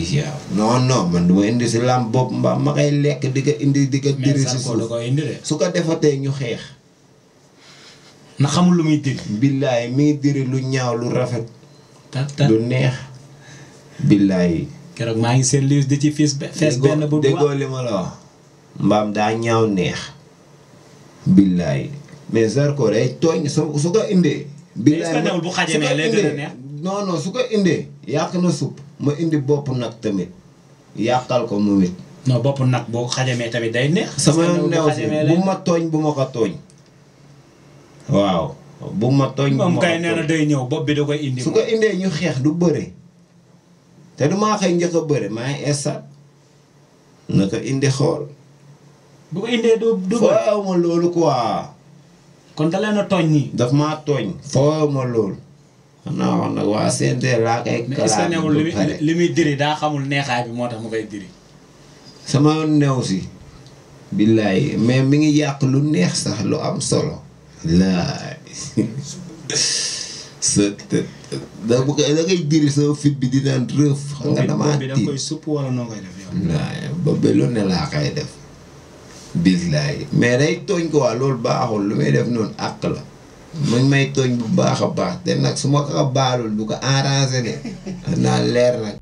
di ziar. non man du indi si làmb bopp mbaam ma koy lekk di ko indi di ko. diri si su ko defatee ñu xeex. na xamul lu muy diri. billaay mi diri lu ñaaw lu rafet. lu neex. billaay. keroog maa ngi seen liis di ci fis fees benn bu li ma la wax. mbaam daa ñaaw neex. billaay. mais Zarko day tooñ su ko indee. billaay bu xajee ne léegi su ko indee yàq na supp ma indi bopp nag tamit yàqal ko mu it. non bopp nag boo xajamee tamit day neex. sama néew bu ma tooñ bu ma ko tooñ. waaw bu ma tooñ. bu ma ko tooñ moom kay na day ñëw bopp bi da koy indi. su ko indee ñu xeex du bëre. te du maa xëy njëkk a bëre na ko indi xool. bu ko indee du du fooy ma loolu quoi. kon da leen tooñ nii. daf maa tooñ. fooy ma loolu. xanaa wax nag waa laa koy. kalaat bu pare li muy diri daa xamul neexaay bi moo tax mu koy diri. sama new si. billaay mais mi ngi yàq lu neex sax lu am solo. laay sa da bu ko da diri sa fit bi di naan rëf. xam nga damaa tiit ba ba lu ne laa koy def. billaay mais day tooñ ko waa loolu baaxul lu may def noonu àq la. mu ngi may tooñ bu baax a baax te nag su ma ko baalul du a arrangé ne naa leer nag.